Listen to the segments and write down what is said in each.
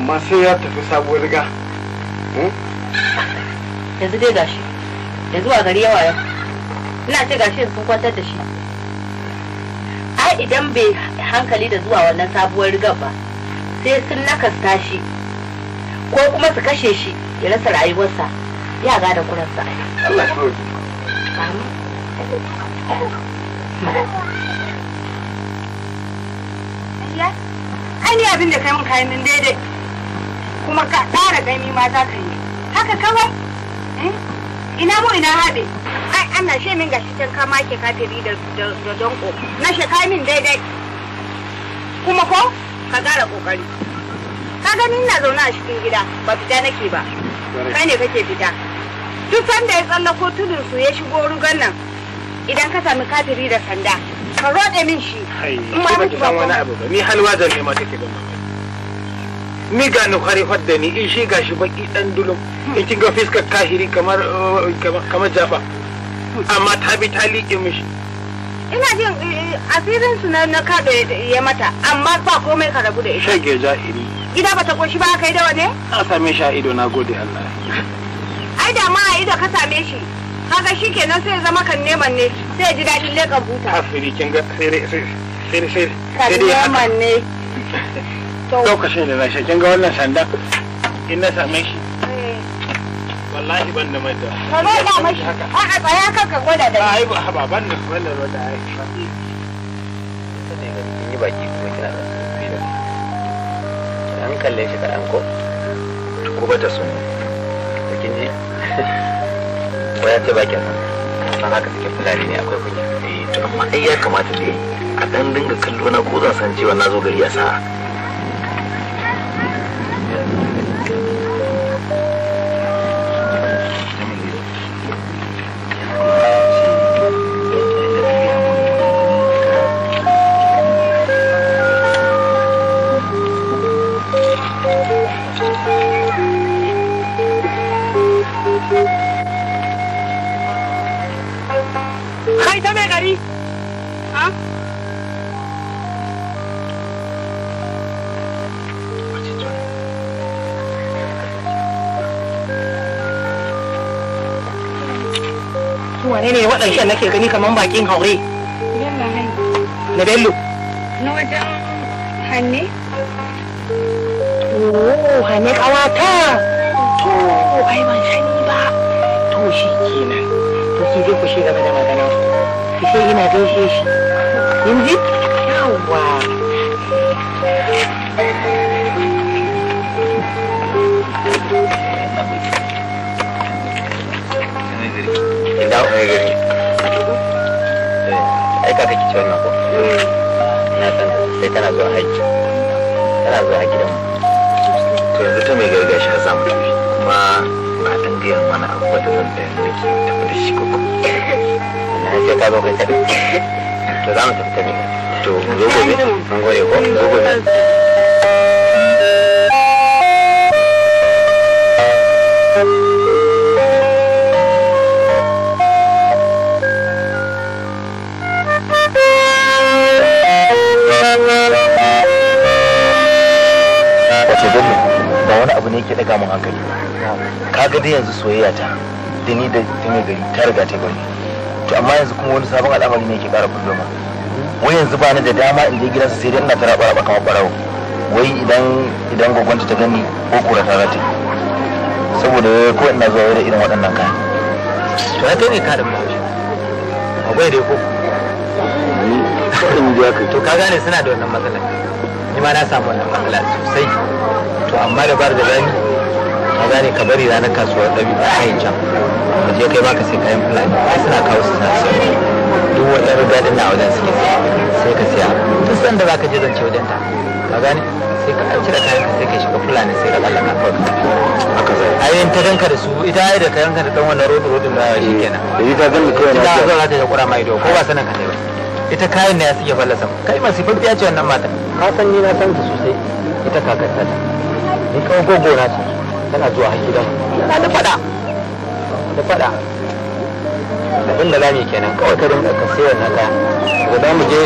amma sai ya tafi sabuwar riga hmm? yanzu dai gashi yanzu a gari yawa yau ina ce shi sun kwantar da shi ai idan bai hankali da zuwa wannan sabuwar rigar ba sai sun nakasta shi ko kuma su kashe shi ya rasa rayuwarsa ya ga da kuransa Allah ya Ai abin da kai mun kayan nan daidai. kuma ka tsara gani ma za ka yi haka kawai eh? ina mu ina haɗe ai ana she min gashi can kama ke kafiri da da donko na she min daidai kuma ko ka gara kokari ka gani ina zaune a cikin gida ba fita nake ba kai ne kake fita duk sanda ya tsallako tudun su ya shigo rugan nan idan ka sami kafiri da sanda ka roɗe min shi in ma mutu ba wani ba ni halwa zan nema take don ni ga ni kwarifar ni in shi gashi shi baki dan dulum in kin ga fiskar kahiri eh, kamar kamar jafa amma ta bi ta liƙe mishi ina jin eh, asirin su na da ya mata amma ba komai ka rabu da ita shage jahiri gida ba bata koshi ba kai da wane an same shi a ido na gode Allah ai da ma a ido ka same shi kaga shi kenan sai zama kan neman ne sai ji dadin leƙa buta kafiri kin ga sai sai sai sai sai kyau lokacin da na shi kin ga wannan sanda in na same shi eh. wallahi ban da mai da ka roda mashi a a tsaya ka ka gwada da ai ba ba ban da wannan roda ai yi baki kuma kina da an kalle shi kaɗan ko ko ba ta so da kin ji ko ya ce bakin sa sana ka cikin fulani ne akwai kunya eh to amma ai ya kamata dai a dan dinga kallo na ko zan san cewa na zo gari a sa'a 等下那些跟你看忙白金好哩。你来还？那边路。那我讲还呢。哦，还没搞完他。哦，还蛮神秘吧？都是技能，都是这不是那个那个那，这些技能都是是，你知道啊？Thank you. aika kake ci wannan ko eh, na san sai tana zuwa haji tana zuwa haji da mu to yanzu ta mai gargashi har za mu tafi kuma ba dan gaya mana abu da zan da nake tafi da shi koko na sai ka zo kai ta to za mu tafi ta ne to mu zo gobe mun gode ko mu zo gobe Thank you. yake daga mun hankali ga dai yanzu soyayya ta da ni da mai gari ta riga ta bari to amma yanzu kuma wani sabon al'amari ne ke kara kullum ma wai yanzu ba ni da dama in je gidansa sai dai ina tara baraba kamar barawo wai idan idan gwagwanta ta gani ko kura ta rata saboda ko ina zuwa wai da irin waɗannan kayan to na kai ne ka da mulawi akwai dai ko to ka gane suna da wannan matsalar ni ma na samu wannan matsala sosai to amma da bar da zani ka gane ka bari ranar kasuwar ɗabi ba kai can ka je kai baka sai kayan fulani ba suna kawo su sa duk wata riga din na wajen suke sai ka siya duk sanda zaka je zance wajen ta ka gane sai ka cire kayan ka sai ka shiga fulani sai ka tsallaka ka haka zai ayin ta danka da su ita ai da kayan ka da dan wannan rodin rodin da shi kenan da eh, ita da kawai na ta zo za ta da kura mai do ko ba sanin ka ne ba ita kayan ne ya suke fallasa kai masu ya ce wannan mata ka san ni na san ta sosai ita kakarta ta ni kawai gogo na ce tana zuwa hakidan na da fada da fada abin da zamu kenan kawai ka rinka ka sayar na ka ko za mu je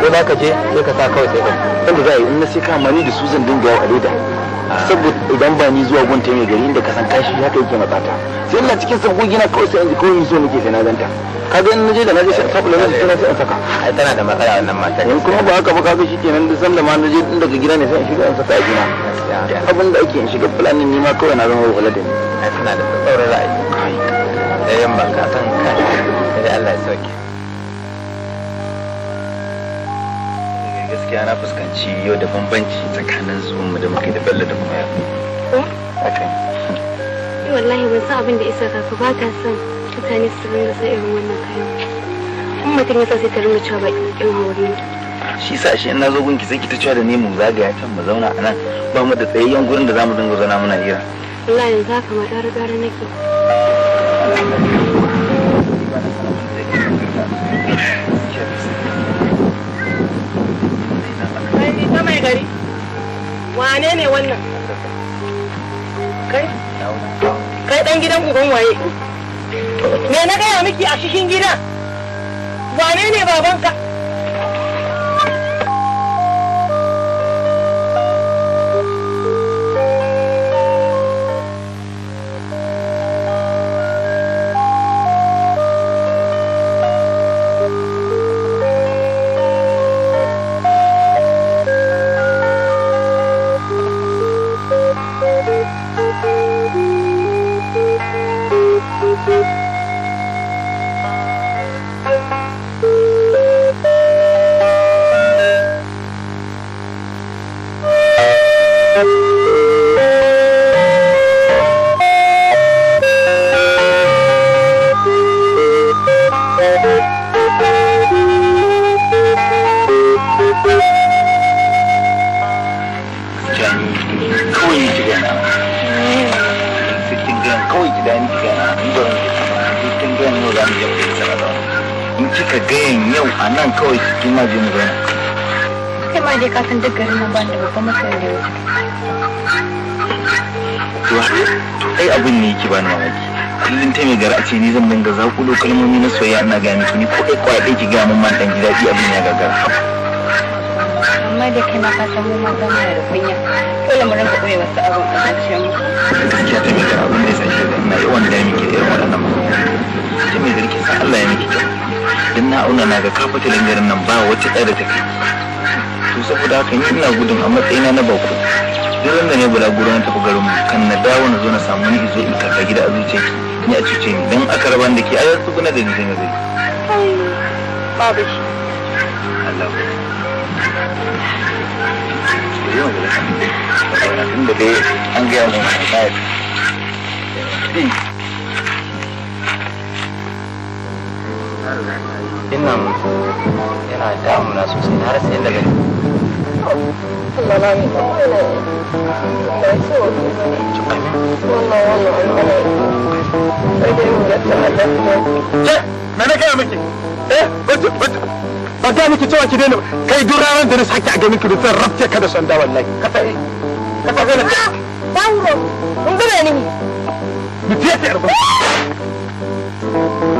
ko za ka je sai ka sa kawai sai ka sanda za a yi in na sai ka mani da su zan dinga yau a leda saboda idan ba ni zuwa gunta mai gari inda ka san kashi ya kai yake matsata sai ina cikin sabon gina kawai sai in ji kawai so nake sai na zanta ka ga in je da na je sai sabula na sai sai in saka ai tana da matsala wannan mata in kuma ba haka ba ka ga shi kenan da san da ma na je din daga gida ne sai in shiga in saka a gina abin da ake in shiga planning ne ma kawai na zama wala da ni ai tana da tsaurin ra'ayi kai da yamma ka san kai Allah ya sauke eh, gaskiya na fuskanci yau da bambanci tsakanin zuwan mu da muke da bello da kuma yau haka ne eh, wallahi ban san abin da isa ka ba ta san mutane su rinka sa irin wannan kayan in mutum ya sa sai ta rinka cewa ba irin wannan. shi sa shi in na zo gunki sai ki ta cewa da ni mu zagaya can mu zauna a nan ba mu da tsayayyen gurin da za mu dinga zauna muna hira wallahi yanzu haka ma ɗara ɗara nake Thank you. na mai gari wane ne wannan kai kai dan gidan uban waye me na gaya miki a cikin gida wane ne babanka na gaya miki ni ko ɗai kwa ɗai ki gaya mun man ɗan ji daɗi abin ya gagara. amma da kana ka san mun mata da kunya dole mu rinka koyi wasu abu a zuciyar mu. zuciya ta mika abin da ya san da ina yawan da ya miki da irin waɗannan maganganu. ta mai zarki sa Allah ya miki kyau. don na auna na ga kafa garin nan ba wacce ɗaya da ta kai. to saboda haka ni ina gudun a matsayina na bako duk da ne bala gura na tafi garinmu kan na dawo na zo na samu ni izo in karɓa gida a zuciyarki ni a cuce ni don aka raban da ke ayar tsuguna da ni zai nan babu shi Allah gaya mu ina yana damuna sosai na rasa yadda Eh, eh, ba da miki cewa ki daina kai duk ranar da na sake a ganin ki da zan ka da sanda wallahi ka ka mun ni fiye ta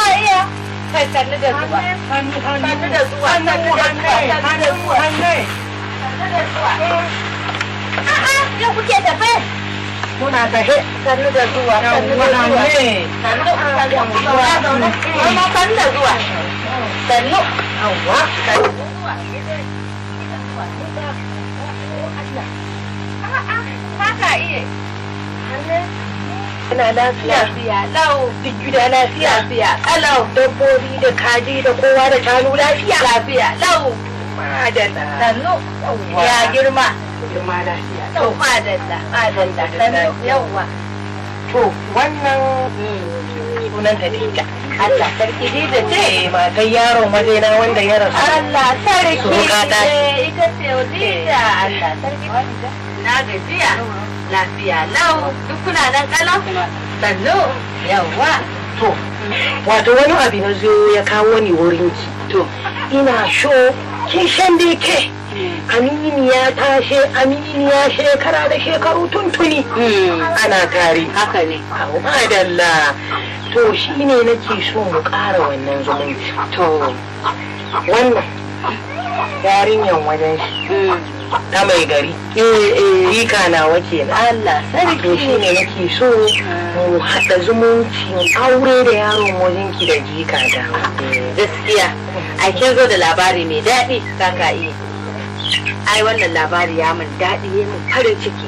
ka iya kai sannu da zuwa sannu da zuwa sannu da zuwa sannu da zuwa sannu da zuwa a'a yau kuke tafe muna tafe sannu da zuwa sannu da zuwa sannu da zuwa sannu da zuwa sannu yawwa A'a, ba ka iya. Ina lafiya. lau. Duk gida lafiya. Lafiya Dabbobi da kaji da kowa da shanu lafiya. Lafiya lau. Madalla. Sannu. Ya girma. Girma lafiya. Lau madalla. Madalla. Sannu. To wannan sunan Khadija. Allah sarki Khadija ce eh, matan yaron waje wanda ya rasu. Allah sarki. Ita ce Khadija. Eh. Allah sarki. Na gajiya. lafiya lau duk kuna nan kala? sannu yawa to wato wani abu na zo ya kawo ni wurin ki to ina so kin da ke aminiya ta she aminiya shekara da shekaru tuntuni hmm. ana tare haka ne madalla to shine nake so mu ƙara wannan zumunci to wannan yarinyan wajen shi ta mai gari rika nawa kenan Allah sarki shi ne nake so mu haɗa zumunci aure da yaron wajen ki da jika da eh, gaskiya a kin zo da labari mai daɗi kaka yi ai wannan labari ya min daɗi ya min farin ciki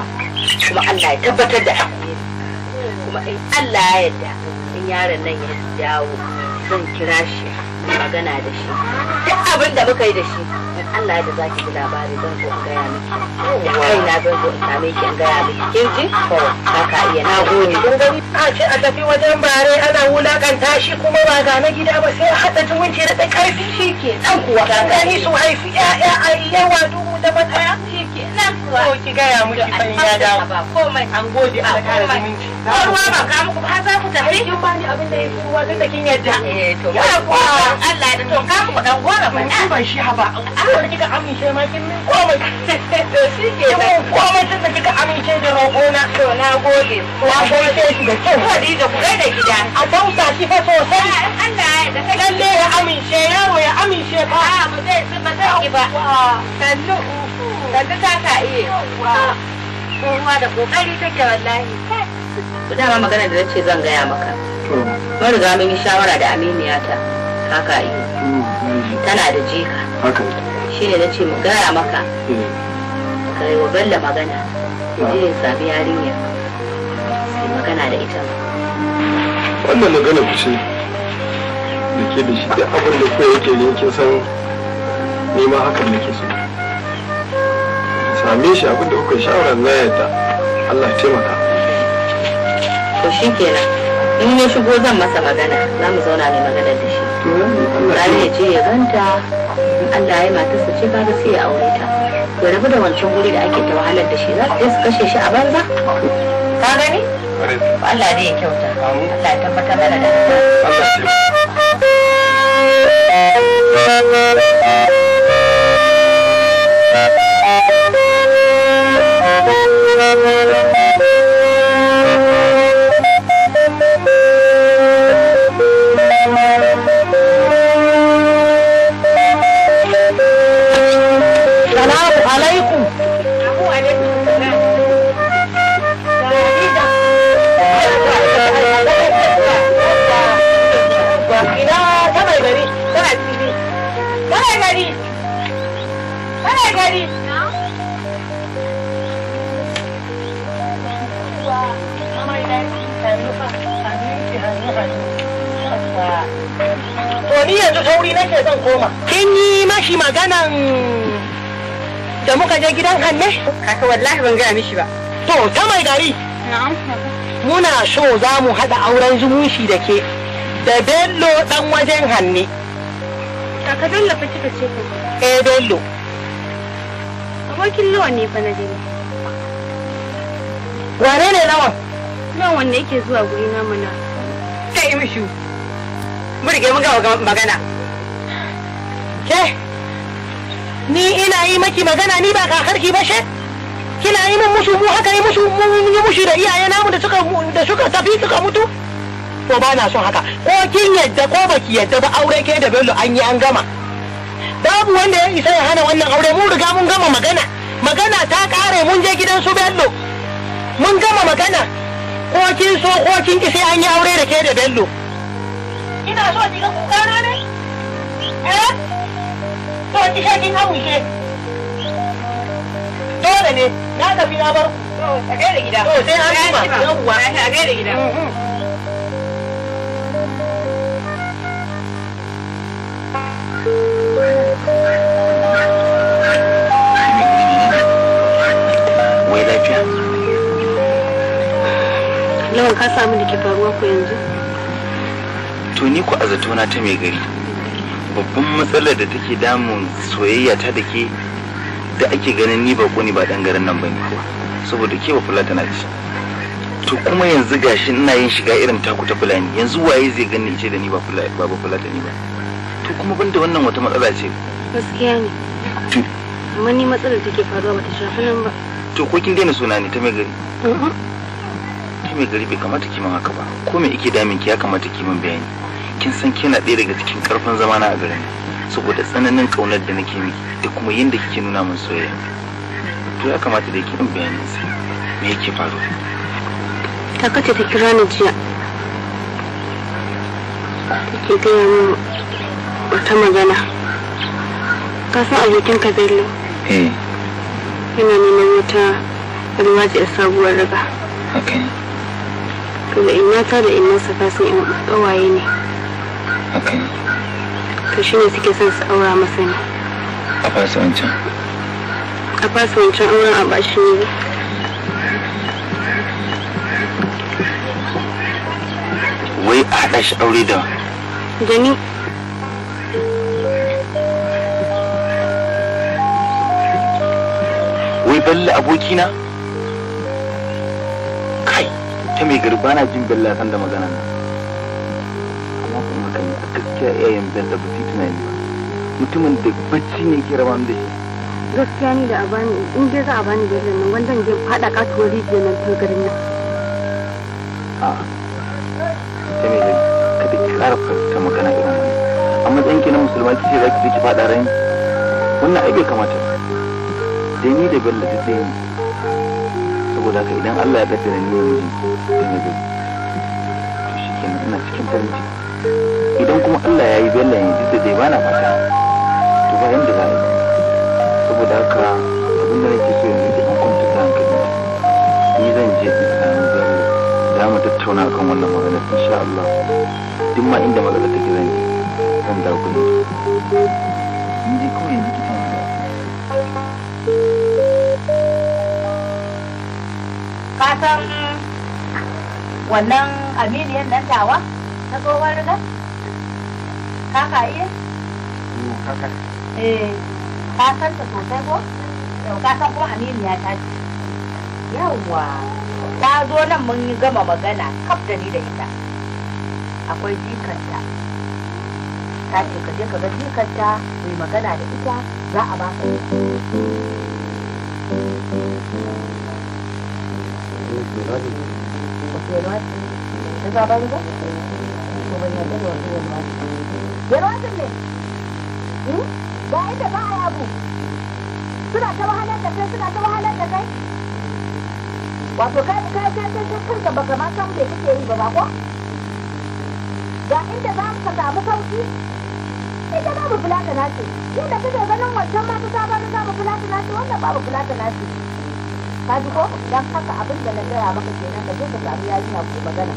kuma Allah ya tabbatar da kuma in Allah ya yarda in yaron nan ya dawo zan kira shi magana da shi duk abin da muka yi da shi in Allah ya da zaki ji labari zan zo in gaya miki da kaina zan zo in same ki in gaya miki kin ji ko ka iya na gode kin gani a ce a tafi wajen bare ana wulakanta shi kuma ba ga na gida ba sai a hada zumunci na da karfi shi ke dan kuwa ga gani su haifi ƴaƴa a yawa duhu da matsaya shi ke nan kuwa ko ki gaya miki fa ya dawo komai an gode Allah kare zumunci ruwa ba ka muku ba za ku tafi kin bani abin da yake ruwa duk da kin yadda eh to ya kuwa dan Allah da to ka ku dan gora ba na ba shi haba an kika amince ma kin min komai to shi ke nan komai tun da kika amince da na. to na gode na gode shi da kyau Khadija ku da gida a bauta shi fa sosai Allah ya da kai lalle ya amince yaro ya amince fa a ba zai ba zai ba sannu sannu ta ka iya kowa da kokari take wallahi ku dama magana da nace zan gaya maka mun riga mun yi shawara da aminiyata Haka yi tana da jika shi ne na ce mu gaya maka eh. ka yi wa bella magana je ya sami yarinya sai magana da ita wannan magana ku ce da ke da shi da abin da kawai yake ne kin san nema hakan ke so same shi abin da kuka shawara na yadda Allah taimaka Ko shi kenan in ya shigo zan masa magana za mu zauna mai magana da shi rani ya ce ya ganta in allah ya su ce kaga sai ya aure ta ya rabu da wancan guri da ake ta wahalar da shi za su je su kashe shi a banza ka gani Allah ne ya kyauta Allah ya tabbatar mana da you. zan koma. Kin yi mashi maganan da muka je gidan hanne? Kaka wallahi ban gaya mishi ba. To ta mai gari. Muna so za mu haɗa auren zumunci da ke da Bello ɗan wajen hanne. Kaka Bello fa kika ce ko? Eh Bello. Abokin lawan ne fa na je. Wane ne lawan? Lawan wanda yake zuwa guri na mana. Kai mishi. Mu rige mun ga magana. Ke, ni ina yi maki magana ni ba kakarki ba she? Kina yi min musu mu haka yi musu mun yi mushi da iyaye namu da suka da suka tafi suka mutu? To ba na son haka. Ko kin yadda ko baki yadda ba aure ke da Bello an yi an gama. Babu wanda ya isa ya hana wannan aure mun riga mun gama magana. Magana ta kare mun je gidan su Bello. Mun gama magana. Ko kin so ko kin ki sai an yi aure da ke da Bello. Ina so ki ga kukana ne? Eh? to ki sai kin amince dole ne na tafi na bar gida to sai an jima yawwa a gida mm-hmm. Lawan ka samu da ke faruwa ku yanzu? To ni ku a zatona ta mai gari. babban matsalar da take damun soyayya ta da ke da ake ganin ni ba ne ba dangaren garin nan bane saboda ke ba fulata tana ci to kuma yanzu gashi ina yin shiga irin taku ta fulani yanzu waye zai gani ce da ni ba ba fula ni ba to kuma banda wannan wata matsala ce gaskiya ne to amma ni matsalar take faruwa bata shafi nan ba to ko kin daina suna ne ta mai gari ta mai gari bai kamata kiman haka ba ko me yake damin ki ya kamata kiman bayani kin san kina ɗaya daga cikin ƙarfin zama na a garin saboda tsananin ƙaunar da nake miki da kuma yadda kike nuna min soyayya to ya kamata da kin in bayanin me yake faru ta kace ta kira ni jiya take gaya min wata magana ka san abokin ka bello eh. yana neman wata almajiyar sabuwar riga to da ina ta da inansa sa ka san ƙawaye ne haka ne to shine suke son su aura masa ne a fasa wancan a fasa wancan auren a bashi ne wai a haɗa shi aure da da ni wai balle abokina kai ta mai garba na jin balla san da magana na gaskiya iyayen dan da ba su tunani ba mutumin da bacci ne ke raba da shi gaskiya ni da abani in dai za a bani da nan wanda ne fada katuwar rijiyar nan ta garin nan a ta ne da kada ki kara ta magana irin wannan a matsayin ki na musulma ki ce za ki je ki fada rai wannan ai bai kamata dai ni da bello da ɗaya ne saboda ka idan Allah ya kaddara ni yanzu ta ne da to shi kenan ina cikin farin ciki idan kuma Allah ya yi bello yanzu da dai bana fata to ba yanda ba saboda haka abin da nake so yanzu idan kwanta ta hankali ni zan je in samu zaro za mu tattauna kan wannan magana insha Allah duk ma inda magana take zan je zan dawo ku ni kawai yanzu ka san wannan amiliyan nan tawa na tsohon rigar kaka iya mm, eh ka san ta sosai ko yau ka san kuma aminiya ya ce yawwa ta zo nan mun yi gama magana kaf da ni da ita akwai jikanta ta ce ka je ka ga jikanta mai magana da ita za a ba ka Thank mm, mm, you. Yarwatin ne? Ga inda ba a yabu. Suna ta wahalar da kai, suna ta wahalar da kai. Wato kai kai kai kai kai kanka baka ma san me kake yi ba ba ko? Ga inda za ka samu sauki. Ita babu fulatana ce. Inda kake ganin wancan ma kusa ba ta samu fulatana ce, wannan babu fulatana ce. Ka ji ko? Dan haka abin da na gaya maka kenan ka je ka samu yarinya ko magana.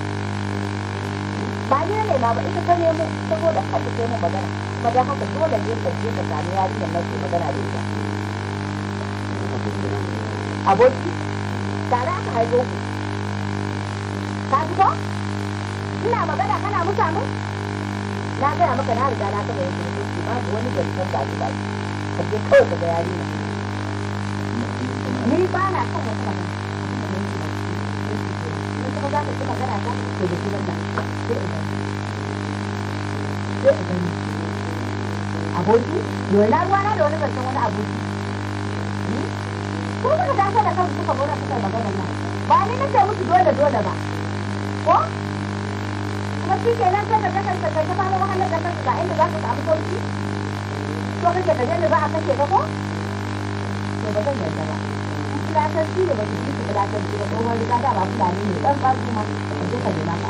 na ba ita ta nemo ta zo da kanta ta yi magana kuma don haka dole ne ka je ka sami yarinya na ke magana da ita aboki tare aka haifo ku ka ji ba ina magana kana musa mu na gaya maka na riga na taɓa yin kirkoki babu wani zarfin ba baki ka je kawai ka ga yarinya ni ba na son wata magana kuma za ka ci magana ta to da shi wannan sai a gani aboki yau na da wani zancen wani aboki ko suka taso da kansu suka bora suka yi maganar nan ba ni na ce musu dole dole ba ko kuma shi ke nan kan da kakan ta kai ta fama wahalar da kansu ga inda za ka samu sauki to kake ka je za a kashe ka ko to ba zan yarda ba fulatanci da ba su ji su fulatanci da tsohon riga da ba fulani ne ɗan ba su ma ka je ka nema ka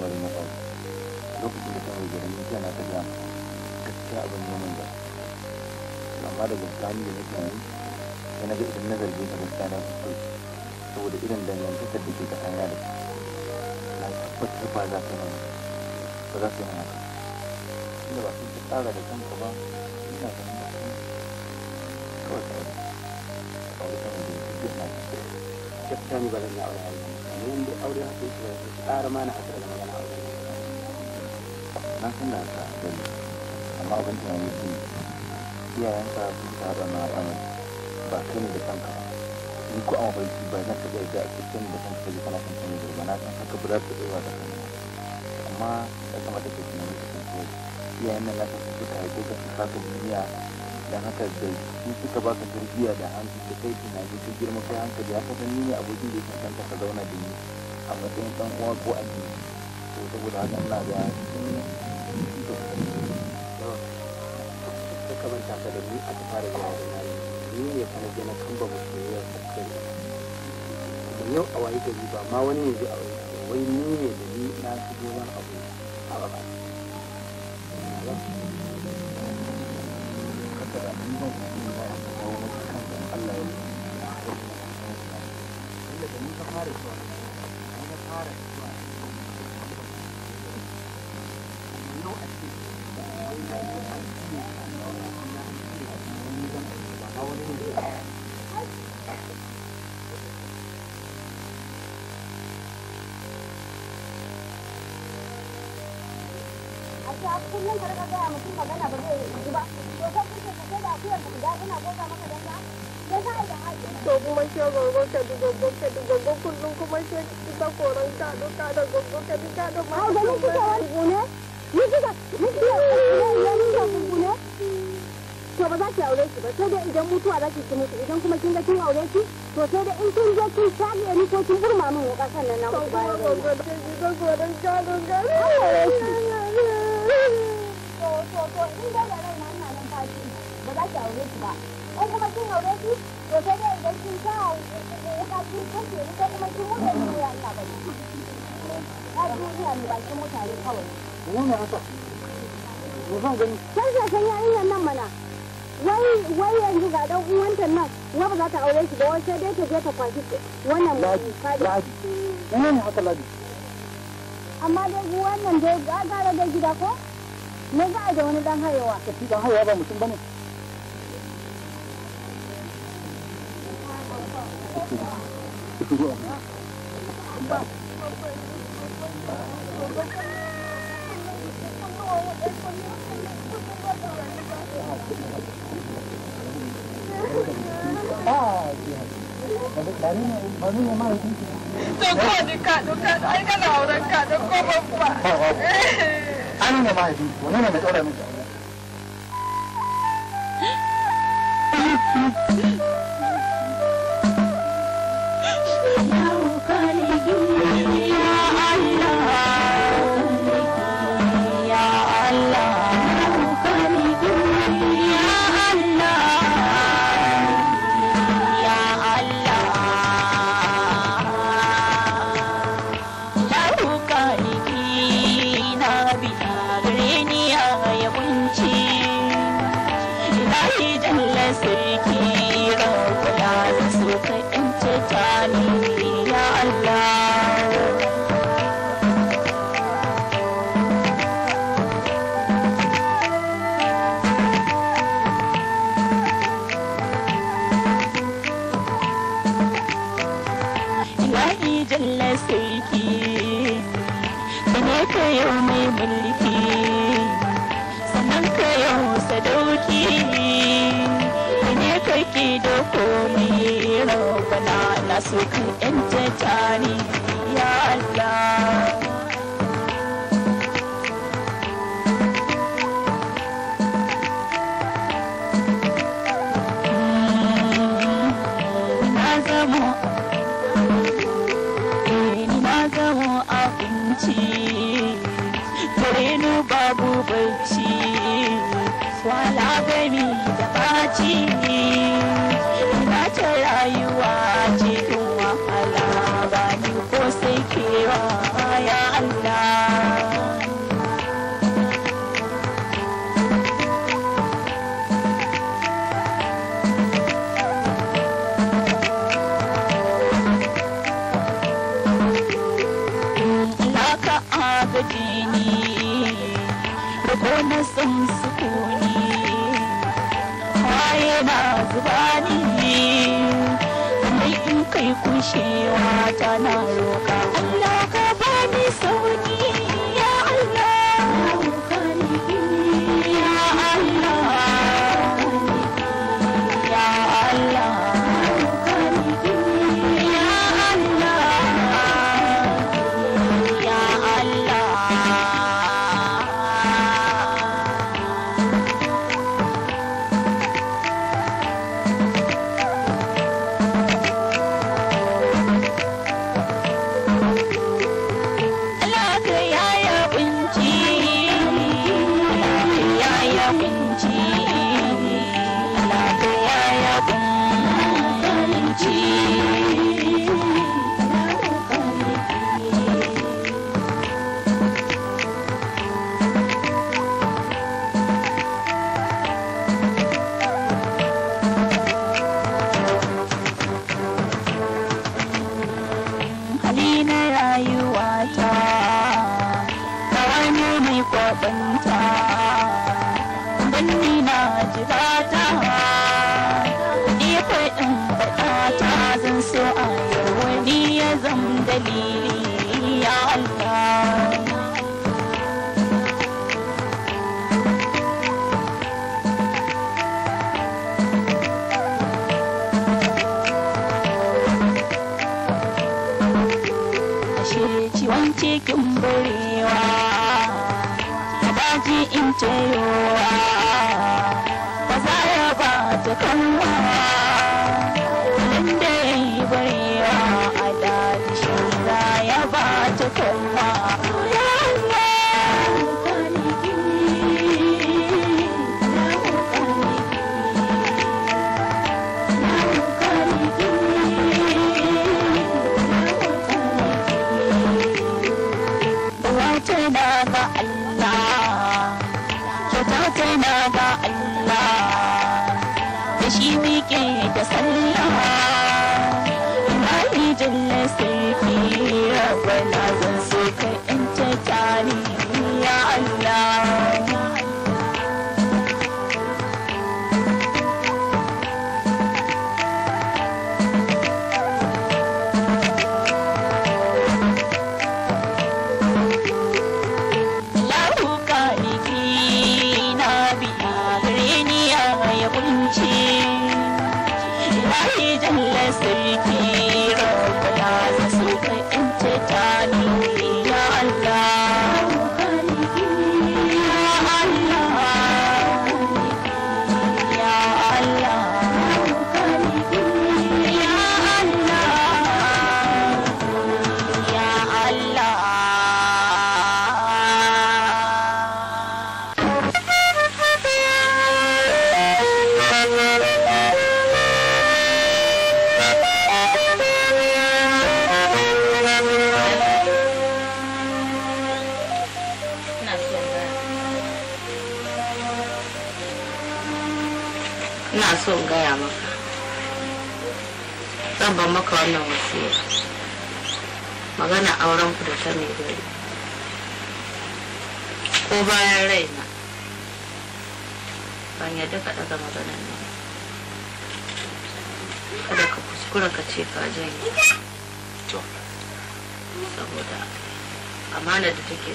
al'amari na faru lokacin da ta zo garin jiya na ta gaya gaskiya abin neman da amma daga tsani da nake yi sai na ga idan na zarge ta gaskiya na fito saboda irin dangantakar da ke tsakanin da na tabbatar ba za ta yi ba za su yi haka inda ba sun ta tsara da kanka ba ina ganin ba kawai kawai a wani kan wajen duk na gaskiya ni ba zan yi aure haka ne inda aure haka yake ba zan ƙara mana haka na san da haka gani amma abin tunani shi iyayenka sun saba na amai ba kai ne da kanka ni ko an baiki ba zan taɓa yadda a cikin da kanka kaji kana kan tuni ba na san haka ba za ka ɗora da kanka amma ya kamata ka tunani ka san cewa iyayen nan naka sun suka haifo ka suka ka duniya dan haka da su suka baka tarbiyya da hankali da kai tunani ka girma kai hankali ya san ni ne abokin da ya cancanta ka zauna da ni a matsayin ɗan uwa ko addini to saboda haka ina ga ta kamanta ka da ni ta fara gaya da nari ni ne kuma je na kamba musulmiyar sakkari da yau a wayi gari ba ma wani ne zai a wayi wai ni ne da ni na fi gonar abu a ba ba kullum ka rika mutum magana ba zai yi ba to kuke ka sai da akuyar ka goga maka ya yi to kuma ke gongon ka di gongon ka kullum kuma ke koran ka ka da ka ka ma wani ni ni to ba za ki aure ba sai dai idan mutuwa za ki mutu idan kuma kin ga kin aure to sai dai in kin je kin shafe ni ko kin burma min na ku ba da in dai da rai na ina nan fashi ba za ki aure shi ba in kuma kin aure shi to sai dai idan kin sa wuka kin kashe ni ko kuma kin wuce ni ya ina ba ta duniya ba bakin mutane kawai mu ne haka mu zan gani san san yarinyar nan mana wai yanzu ga dan uwanta nan wa ba za ta aure shi ba wai sai dai ta je ta kwashi wannan mutum kaji ne haka ladi amma dai wannan dai gara da gida ko me za a da wani dan hayewa ka fi dan hayewa ba mutum bane Dokko an ne mahaifi wani ne mai ɗaura miki aure komi rabbana na sukan kan yanta ya Allah shi wa kana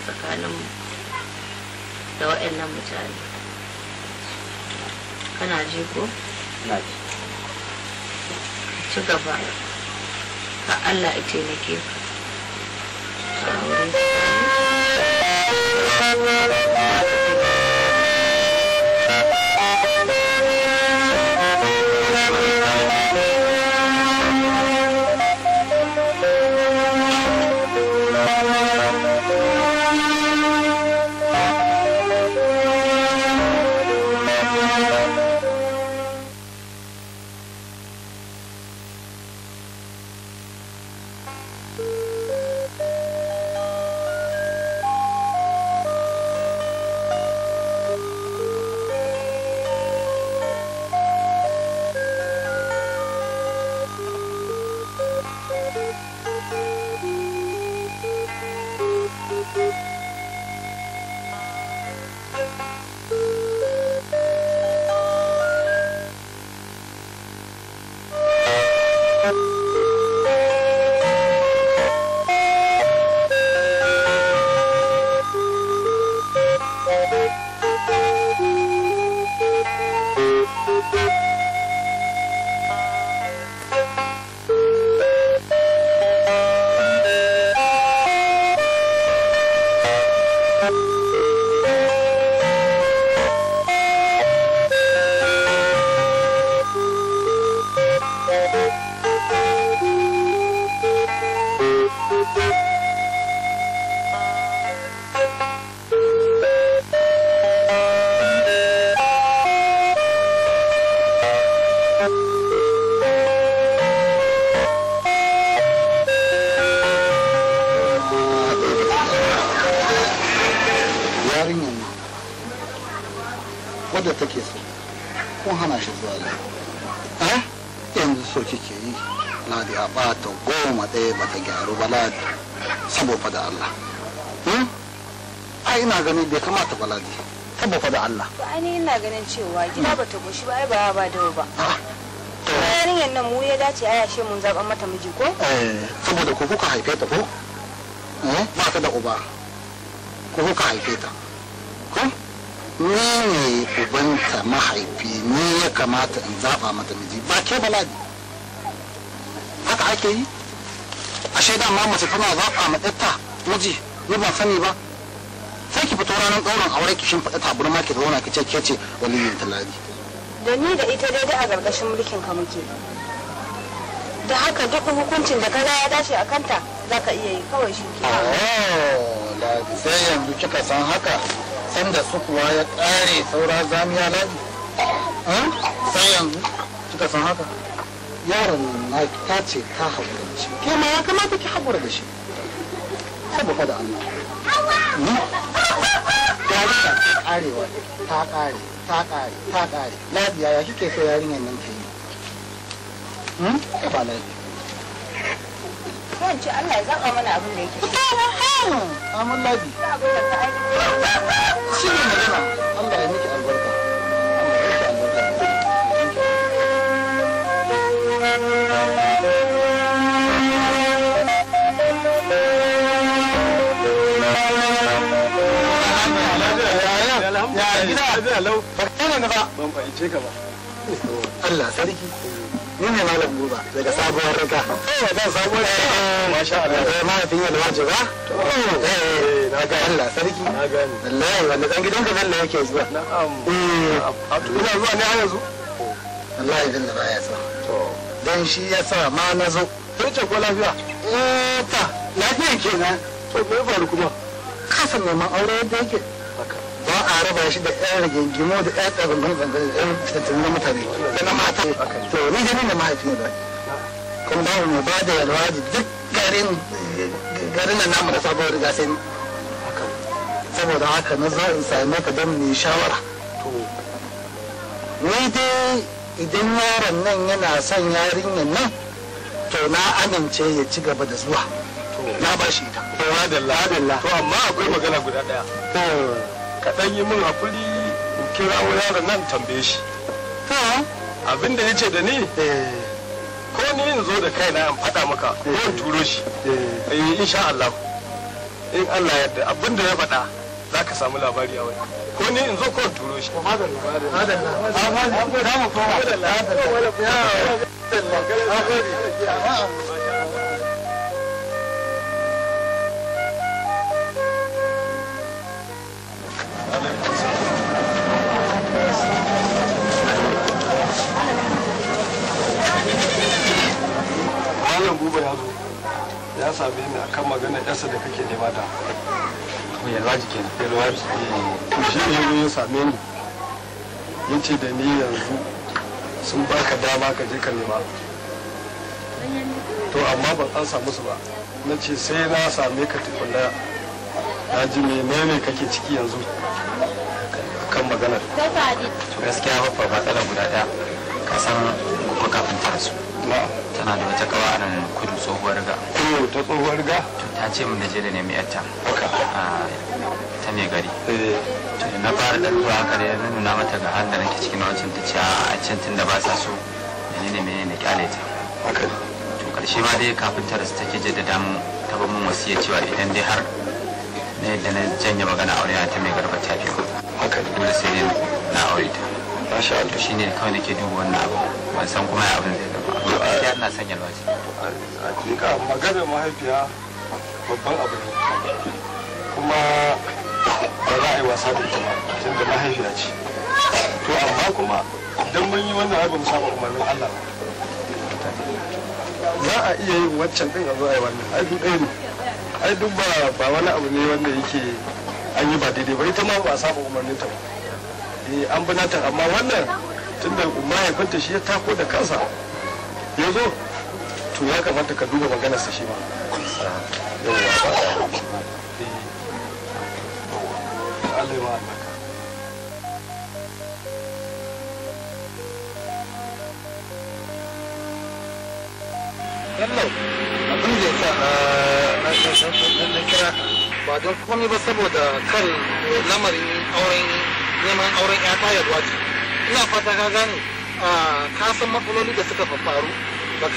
tsakanin da waɗannan mutane kana ji ko? na ji ci gaba ka Allah ya taimake ka a wurin ganin cewa gida ba ta goshi ba ai ba ba dawo ba kuma yarinyar nan mu ya dace a yashe mun zaɓen mata miji ko eh, saboda ko kuka haife ta ko hmm? ba ta da uba ko kuka haife ta ko ni ne ubanta mahaifi ni ya kamata in zaɓa mata miji ba ke baladi haka ake yi ashe dama mace tana zaɓa ma ɗanta miji ni ban sani ba sai ki fito ranar ɗaurin aure ki tabar taburma ki zauna ki ce ke ce yin talabi da ni da ita dai-dai a gargashin mulkin ka muke da haka duk hukuncin da kaza ya dace a kanta za ka iya yi kawai shi ke sai yanzu kika san haka sanda su kuwa ya ƙare saura zamiya labi eh, sai yanzu kika san haka yaron na ta ce ta haƙura da shi ke ma ya kamata ki haƙura da shi har fa da Allah Tarifa ta karewa ta kare ta kare ta kare lafiya ya kike so yarinyar nan ke yi. Ta ba lafiya. Kwanci Allah ya zaɓa mana abin da yake. Amin labi. Shi ne magana Allah ya miki albarka. Allah ya miki albarka. lafiya lau ba kana ba ban fahimce ka ba Allah sarki ni ne malam daga sabuwar raka eh sabuwar raka masha Allah eh ba eh, eh na ga Allah sarki na gani wallahi wanda dan ne yake zuwa na'am eh. ina zuwa ne yanzu wallahi ba ya sa to dan shi ya sa ma na zo ce ko lafiya eh ta lafiya kenan to me faru kuma kasan aure yadda yake ba a raba shi da yan rigingimo da yan tsarambin fitattun na mutane da na mata to ni gani da mahaifin da kuma ba mu ba da yalwa da duk garin garin nan namu da sabon riga sai saboda haka na zo in same ka don ni shawara ni dai idan yaron nan yana son yarinyar nan to na amince ya ci gaba da zuwa na ba shi ita to amma akwai magana guda ɗaya. ka yi min hakuri in kira wa yaron nan tambaye shi abin da ya ce da ni ko ni in zo da kaina in faɗa maka ko in turo shi eh insha Allah in Allah yadda abin da ya faɗa za ka samu labari a wani ko ni in zo ko in turo shi madalla duba ya zo ya same ni a kan maganar yasa da kake nema da yalwaji kenan yalwaji to shi ne yi ya same ni ya ce da ni yanzu sun baka dama ka je ka nema to amma ban an samu su ba na ce sai na same ka tukuna na ji menene kake ciki yanzu kan maganar gaskiya ba babbar matsala guda daya ka san gobe kafin ta su tana da wata kawa a nan kudu tsohuwar ga kudu ta tsohuwar ga ta ce mun da je da nemi yarta haka ta ne gari eh. na fara da zuwa haka da yanzu nuna mata ga hannun da nake cikin wancan ta ce a can tun da ba sa so da ne mene na kyale ta haka to karshe ma dai kafin ta rasu take jaddada mun ta ba mun wasiya cewa idan dai har na yadda na janye magana aure na ta mai garba ta fi haka dole sai na aure ta masha Allah shine kawai nake duba wannan abu ban san kuma ya abin da yana sanya lwaci hakika maganar mahaifiya babban abu ne kuma ba za a yi wasa da ita tun da mahaifiya ce to amma kuma idan mun yi wannan abin saba umarnin Allah za a iya yin waccan din a zo a yi wannan ai duk ɗaya ne ai duk ba wani abu ne wanda yake an yi ba daidai ba ita ma ba a saba umarnin ta ba eh, an bi nata amma wannan tunda mahaifinta shi ya tako da kansa ya zo to ya kamata ka duba maganarsa shi ma ah, ba don komai ba saboda kan lamarin auren neman auren 'ya ta yadwa Ina fata ka gane ka san matsaloli da suka faru da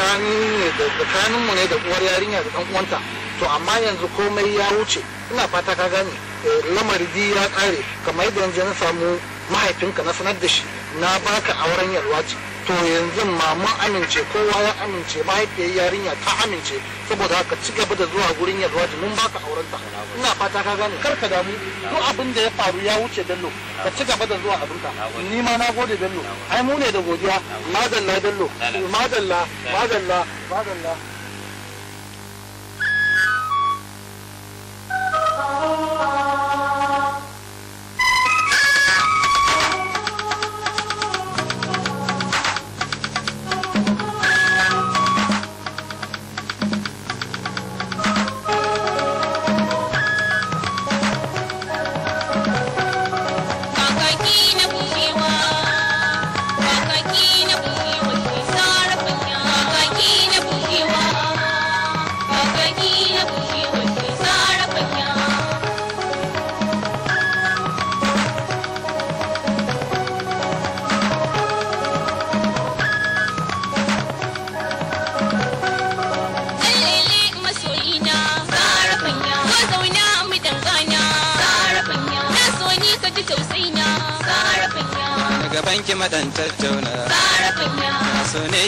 mu ne da uwar yarinya da dan uwanta to amma yanzu komai ya wuce ina fata ka gane eh, lamari ya kare kamar yadda yanzu na samu mahaifinka na sanar da shi na baka auren yalwa to yanzu ma amince kowa ya amince mahaifiyar yarinya ta amince saboda haka ci gaba da zuwa gurin yarwa mun baka aurenta ina fata ka gane kar ka damu duk abin da ya faru ya wuce bello ka ci gaba da zuwa abinka ni ma na gode bello ai mu ne da godiya madalla bello madalla madalla madalla Oh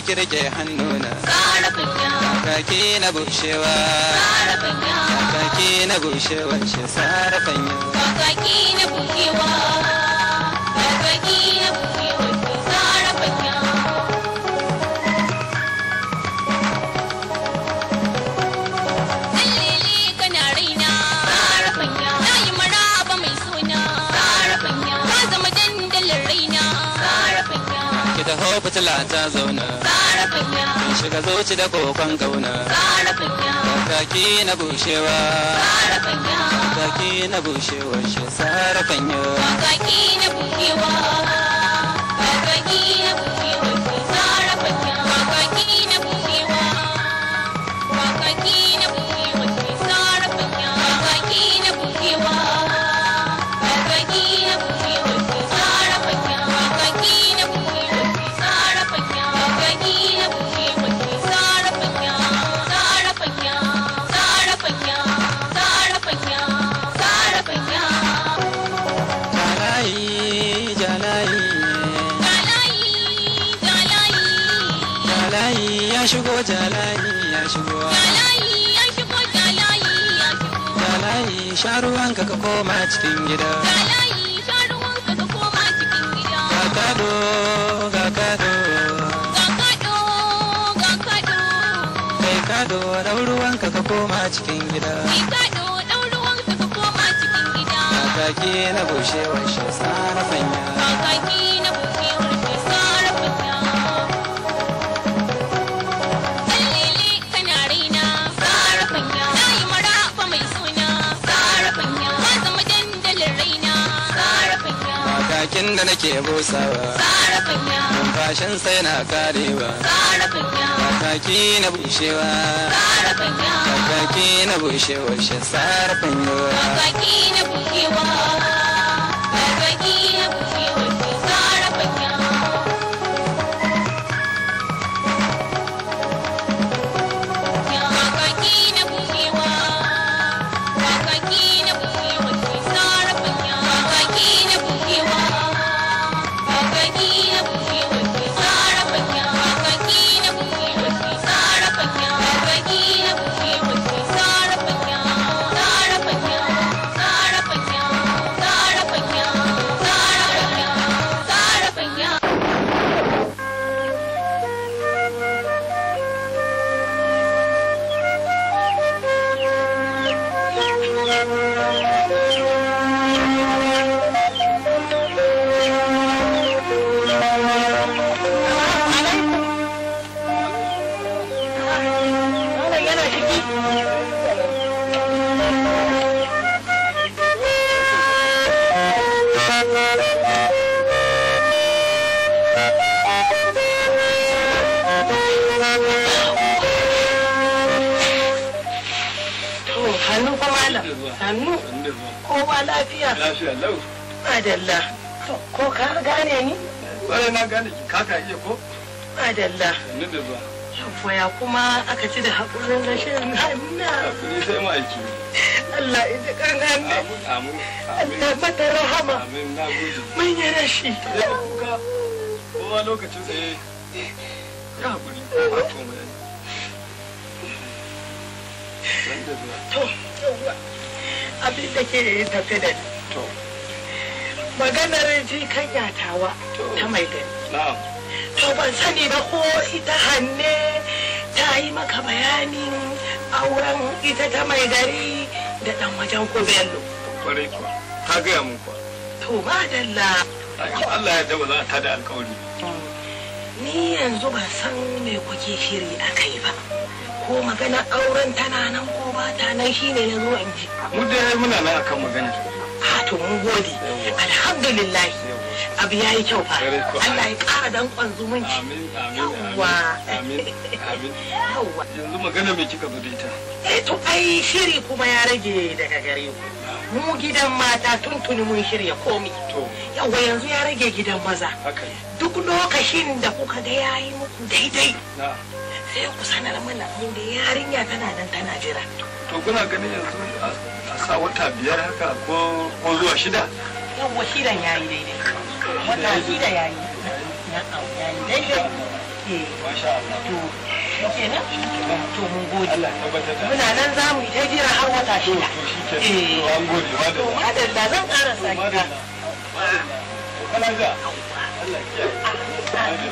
ki rike hannuna kakaki na bushewa kakaki na bushewa shi sarafanya. yau na bushewa kakaki na bushewa ta zauna. Kun shiga zuci da kokon kauna. Kaki na bushewa. Kaki na bushewa shi sarafanya. Kaki na bushewa. Kakaki yi sha ruwanka ka koma cikin gida kakado kakado kai kado ɗau ruwanka ka koma cikin gida kakaki na bushewa shi sa na fanya numfashin da nake busawa numfashin sai na karewa kakaki na bushewa kakaki na bushewa shi hannu kuma malam hannu kowa lafiya lafiya lau adalla ko ka gane ni wani na gane ki kaka iya ko adalla yawwa ya kuma aka ci da haƙurin rashin hannu hakuri sai aiki Allah ya ji kan hannu Allah mata rahama mun yi rashi kowa lokacin tsaye ya guri ba komai to abin da ke tafi da ni to maganar jikan yatawa ta mai gani to ban sani ba ko ita hanne ta yi maka bayani, auren ita ta mai gari da dan wajen ku bello kwarai kuwa ta gaya mun ta da ni yanzu ba san me kuke shiri a kai ba ko magana auren tana nan ko ba ta nan shine na zo in ji mu dai muna nan akan magana a ah, to mun gode alhamdulillah abu ya yi kyau fa Allah ya ƙara danƙon zumunci yawwa yawwa yanzu magana mai kika bude ta eh to ai shiri kuma ya rage daga gare ku mu gidan mata tuntuni mun shirya komi yawwa yanzu ya rage gidan maza duk lokacin da kuka ga yayi muku daidai sai ku sanar mana mun da yarinya tana nan tana jira to kuna ganin yanzu a sa wata biyar haka ko zuwa shida yawwa shidan ya yi daidai wata shida ya yi ya yi daidai eh, to shi kenan to mun gode muna nan za mu yi ta jira har wata shida eh. to madalla zan ƙara sa gida Allah ya kiyaye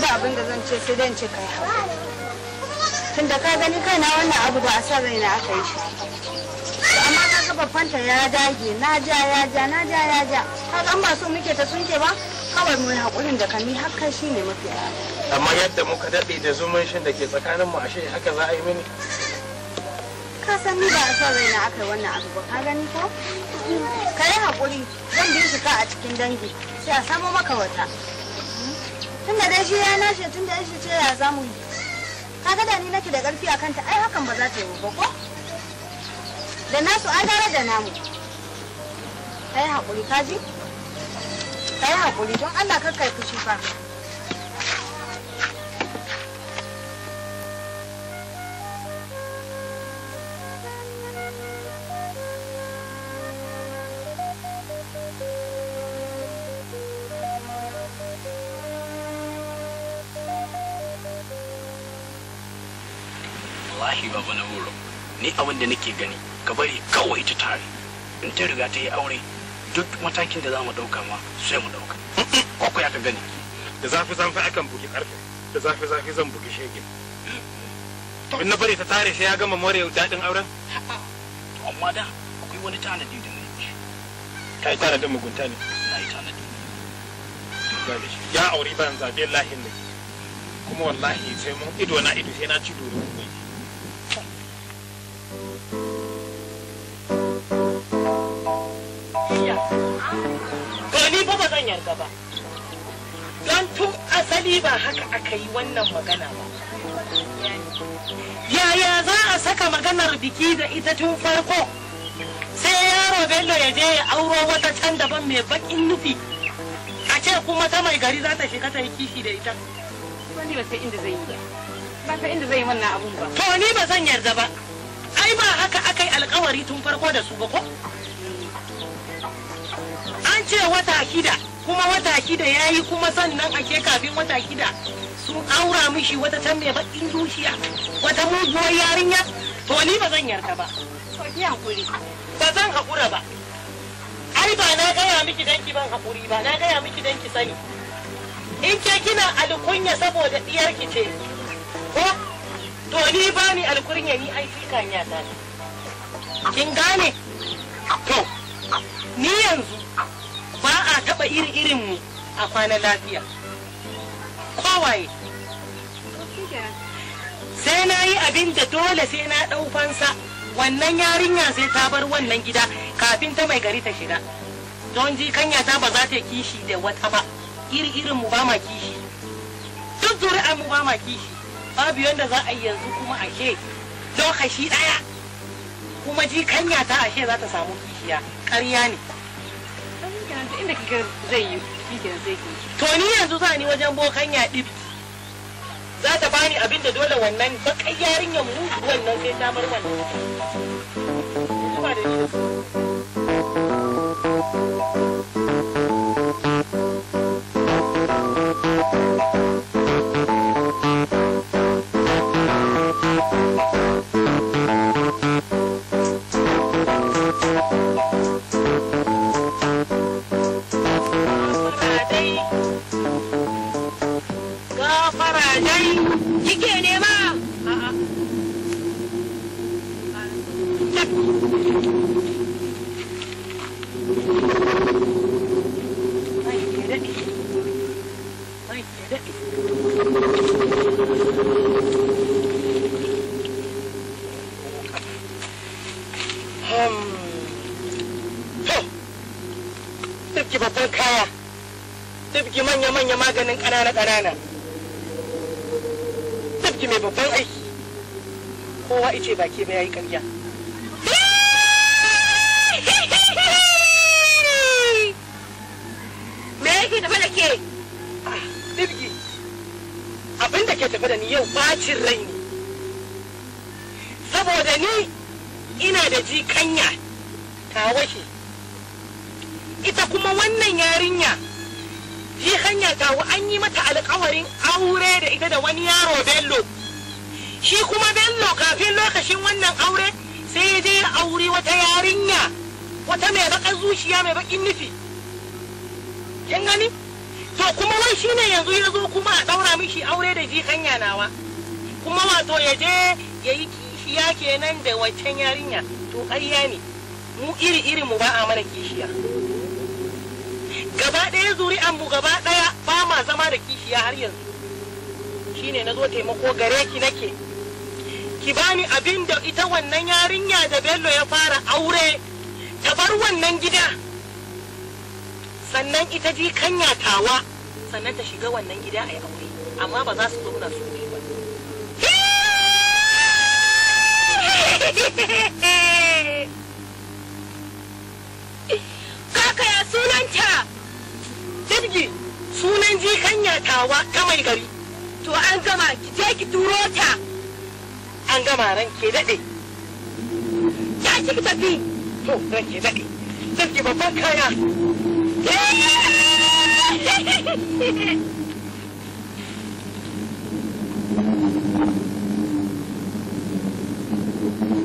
gaskiya ba abin da zan ce sai dan ce kai tun da ka gani kaina wannan abu ba a san raina aka yi shi amma ka ga ta ya dage na ja ya ja na ja ya ja ka ga ba so muke ta sunke ba kawai mu hakurin da kani har kai shine mafi amma yadda muka daɗe da zumuncin da ke tsakanin mu ashe haka za a yi mini ka san ni ba a san raina aka yi wannan abu ba ka gani ko ka yi zan bi shi ka a cikin dangi sai a samo maka wata tun da dai shi ya nashe tun da shi ce ya zamu yi kaga da ni nake da karfi a kanta ai hakan ba za ta yi ba ko da nasu an tare da namu kai hakuri kaji kai hakuri don Allah kar kai fushi fa da nake gani ka bari kawai ta tare in ta riga ta yi aure duk matakin da za mu ɗauka ma sai mu ɗauka kwakwa ya ka gani da zafi zafi akan bugi karfe da zafi zafi zan bugi shege in na bari ta tare sai ya gama more daɗin auren amma da akwai wani tanadi da nake ka yi tanadin mugunta ne na yi tanadi ya aure ban zabe lahin ne kuma wallahi sai mun ido na ido sai na ci doro mai to eh, ni ba ba zan yarda ba don tun asali ba haka aka yi wannan magana ba yaya za a saka maganar biki da ita tun farko sai yaro bello ya je ya auro wata can daban mai bakin nufi a ce kuma ta mai gari za ta shiga ta yi kishi da ita wani ba sai inda zai yi ba inda zai yi wannan abun ba to ni ba zan yarda ba ai ba haka aka yi alkawari tun farko da su ba ko ce wata shida kuma wata shida ya yi kuma sannan ke kafin wata shida sun aura mishi wata can mai baƙin zuciya wata muguwar yarinya to ni ba zan yarda ba ba zan haƙura ba ai ba na gaya miki danki ban haƙuri ba na gaya miki danki sani in ke kina alkunya saboda ɗiyarki ce ko to ni ba ni alkunya ni ai kan ya ta kin gane to ni yanzu ba a taɓa iri-irin mu a kwanan lafiya kowaye sai na yi abin da dole sai na ɗau fansa wannan yarinya sai ta bar wannan gida kafin ta mai gari ta shiga don ji kanya ta ba za ta kishi da wata ba iri-irin mu ba ma kishi duk zuri'ar mu ba ma kishi babu yadda za a yi yanzu kuma ashe lokaci ɗaya kuma ji kanya ta ashe za ta samu kishiya ƙarya ne inda kika zai yi to ni yanzu za ni wajen bokan ya ɗibi za ta bani abin da dole wannan bakai yarinyar mu wannan sai ta bar wannan ba da shi ƙanana sabki mai babban aiki kowa ice baki ba yi ƙarya wancan yarinya to ƙarya ne mu iri iri mu ba a mana kishiya gaba ɗaya zuri'an mu gaba ɗaya ba ma zama da kishiya har yanzu shine na zo taimako gare ki nake ki bani abin da ita wannan yarinya da bello ya fara aure ta bar wannan gida sannan ita ji kanya tawa sannan ta shiga wannan gida a yi aure amma ba za su zo kaka ya sunanta jirgi sunan jikanya tawa ta mai gari to an gama ki je ki turo ta an gama ran ke daɗe ya ki tafi to ran ke daɗe jirgi babban kaya Thank you.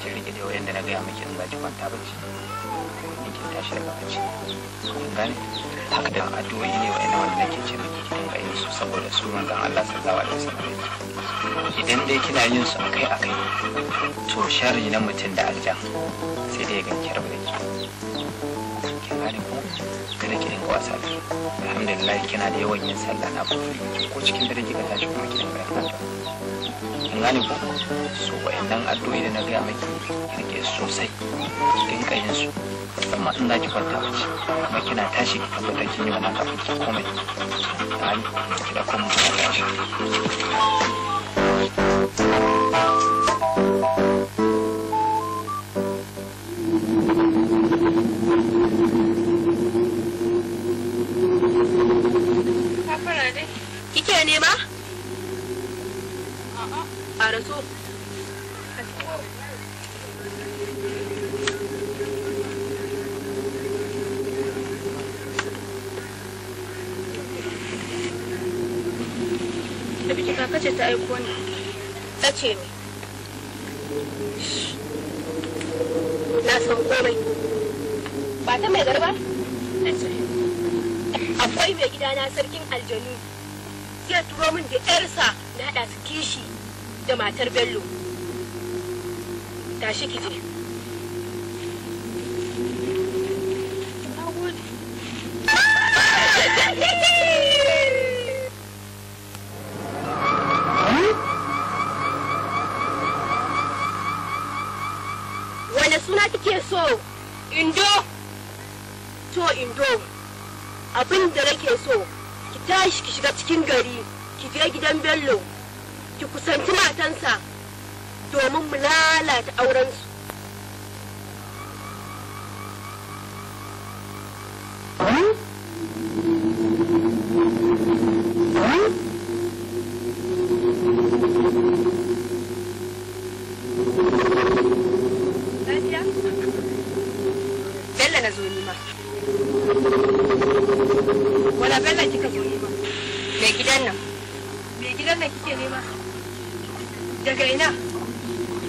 kin rike da wayan da na gaya miki in za kwanta bacci in kin tashi daga bacci kin gane haka da addu'o'i ne wayan wanda nake ce miki ki dinga yin su saboda su manzon Allah sallallahu alaihi wasallam idan dai kina yin su akai akai to sharri na mutum da aljan sai dai ya ganki rabu da ki gane ko kada ki dinga wasa da su alhamdulillah kina da yawan yin sallah na fulfili ko cikin dare kika tashi kuma ki dinga yin kin gane ko so wayannan addu'o'i da na ga miki rike sosai ki dinga yin su amma in za ki kwanta bacci amma kina tashi ki tabbatar kin yi wannan kafin ki komai ta ki da kuma tashi Thank you. kake nema? A raso. Da biki kakace ta aiko ne. Ta ce ne. Na san komai. Ba ta mai garba? ce. Akwai mai gidana sarkin aljanu. zai turo min da yarsa da haɗa su kishi da matar bello tashi kije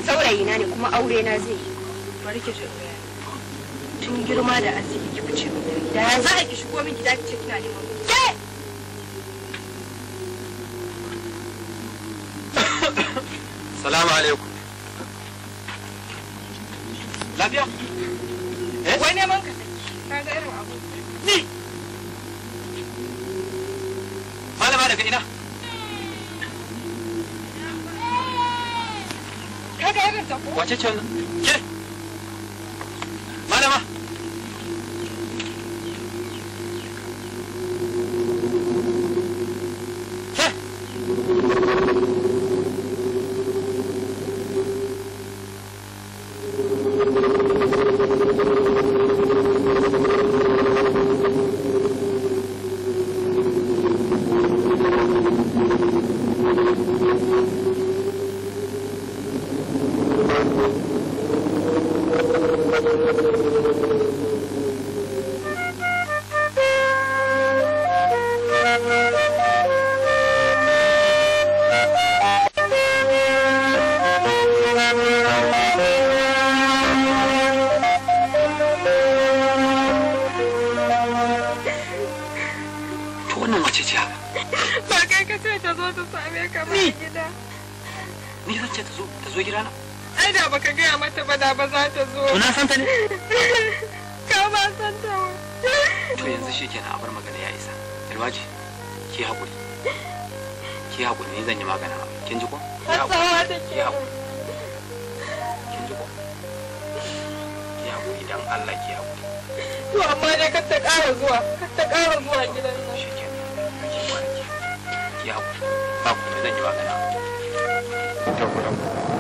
saurayi na ne kuma aure na zai yi bari ki tun girma da arziki ki fice da ya za a ki shigo min gida ki ce kina neman ke salamu alaikum lafiya eh wai neman ka ka ga irin abu ni malama daga ina ga irin ta ko wace ce ki haku ba ku zan yi